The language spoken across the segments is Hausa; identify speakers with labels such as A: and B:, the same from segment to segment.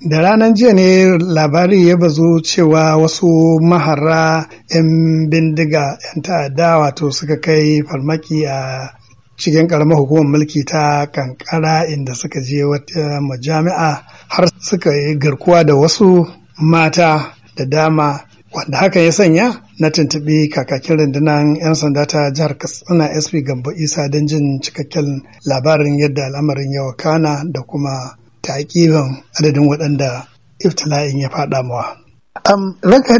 A: Da ranar jiya ne labari ya bazu cewa wasu mahara 'yan bindiga 'yan ta'adda wato suka kai farmaki a cikin karamar hukumar mulki ta kankara inda suka je wata majami'a har suka yi garkuwa da wasu mata da dama wanda hakan ya sanya na tuntuɓi kakakin rundunar 'yan sanda ta jihar katsina sp gambo isa don jin cikakken labarin yadda al'amarin ya wakana da kuma taƙiban adadin waɗanda iftila'in ya faɗa mawa. Um, ranka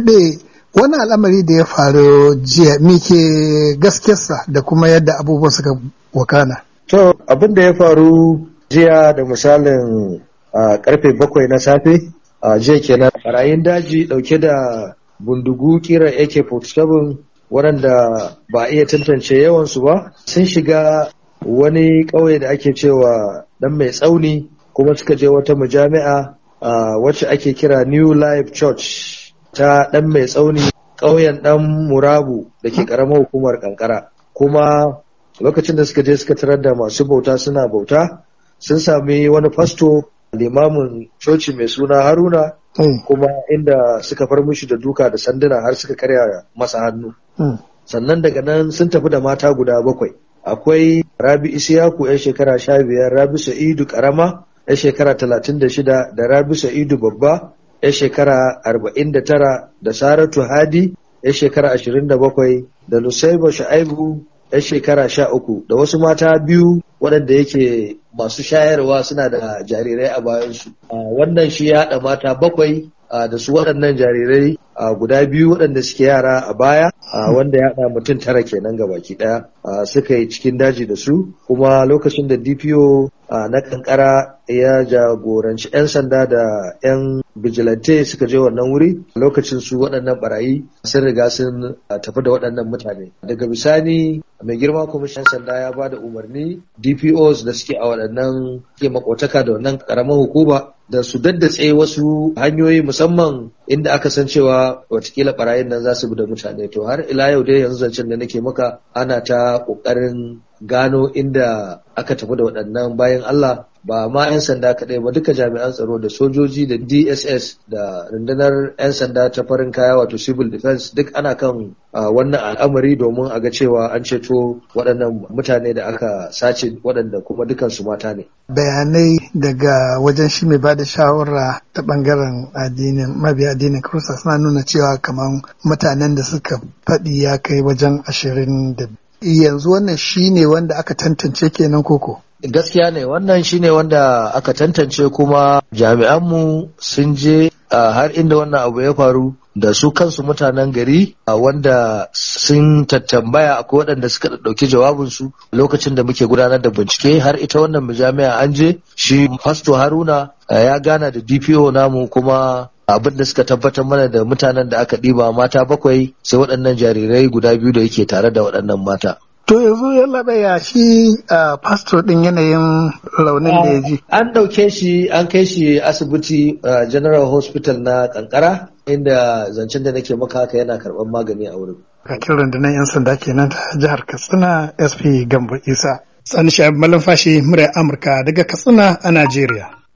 A: wani al'amari da ya faru jiya mike gaskiyarsa da kuma yadda abubuwan suka wakana.
B: To abin da ya faru jiya da misalin a karfe bakwai na safe a jiya kenan barayin daji dauke da bundugu kiran AK-47 waɗanda ba a iya tantance yawansu ba sun shiga wani ƙauye da ake cewa dan mai tsauni kuma suka je wata a wacce ake kira new life church ta ɗan mai tsauni ƙauyen ɗan murabu da ke karamar hukumar kankara kuma lokacin da suka je suka tarar da masu bauta suna bauta sun sami wani fasto limamin coci mai suna haruna mm. kuma inda suka far mushi da duka da sanduna har suka karya masa hannu mm. sannan daga nan sun tafi da mata guda bakwai akwai rabi isiyaku yan shekara sha biyar rabi sa'idu karama 'yar shekara 36 da Rabi Sa'idu Babba 'yar shekara 49 da Saratu Hadi Yan shekara 27 da Nusaiba shaaibu 'yar shekara 13 da wasu mata biyu waɗanda yake masu shayarwa suna da jarirai a bayansu. Wannan shi ya haɗa mata bakwai da su waɗannan jarirai guda biyu waɗanda suke yara a baya wanda ya haɗa mutum tara kenan gabaki ɗaya suka yi cikin daji da su kuma lokacin da dpo a ah, na kankara ya jagoranci 'yan sanda da 'yan bijilante suka je wannan wuri lokacin su waɗannan barayi sun riga sun ah, tafi da waɗannan mutane daga bisani mai girma kwamishin sanda ya ba da umarni dpos da suke a waɗannan ke makotaka da wannan karamar hukuma da su daddatse wasu hanyoyi musamman inda aka san cewa watakila barayin nan za su bi da mutane to har ila yau dai yanzu zancen da nake maka ana ta ƙoƙarin gano inda aka tafi da waɗannan bayan Allah ba ma 'yan sanda kaɗai ba duka jami'an tsaro da sojoji da dss da rundunar 'yan sanda ta farin kaya wato civil defense duk ana kan wannan al'amari domin a ga cewa an ceto waɗannan mutane da aka sace waɗanda kuma dukansu mata ne
A: bayanai daga wajen shi mai bada shawara ta bangaren addinin mabiya addinin kirista suna nuna cewa kamar mutanen da suka faɗi ya kai wajen ashirin da yanzu wannan shine wanda aka tantance kenan koko
B: gaskiya ne wannan shine wanda aka tantance kuma jami'anmu sun je har inda wannan abu ya faru da su kansu mutanen gari wanda sun tattambaya akwai waɗanda suka ɗauki jawabinsu lokacin da muke gudanar da bincike har ita wannan jami'a an je shi fasto haruna ya gana da dpo namu kuma abin da suka tabbatar mana da mutanen da aka ɗiba mata bakwai sai waɗannan jarirai guda biyu da yake tare da waɗannan mata
A: To yanzu zo ya shi a pastor din yanayin launin da ya ji.
B: An ɗauke shi an kai shi asibiti General Hospital na ƙanƙara inda zancen da nake maka haka yana karɓar magani a wurin.
A: Kakin rundunar 'yan sanda kenan ta jihar Katsina SP Gambo Isa. Sani Shahab Malamfashi, murya Amurka daga Katsina a Najeriya.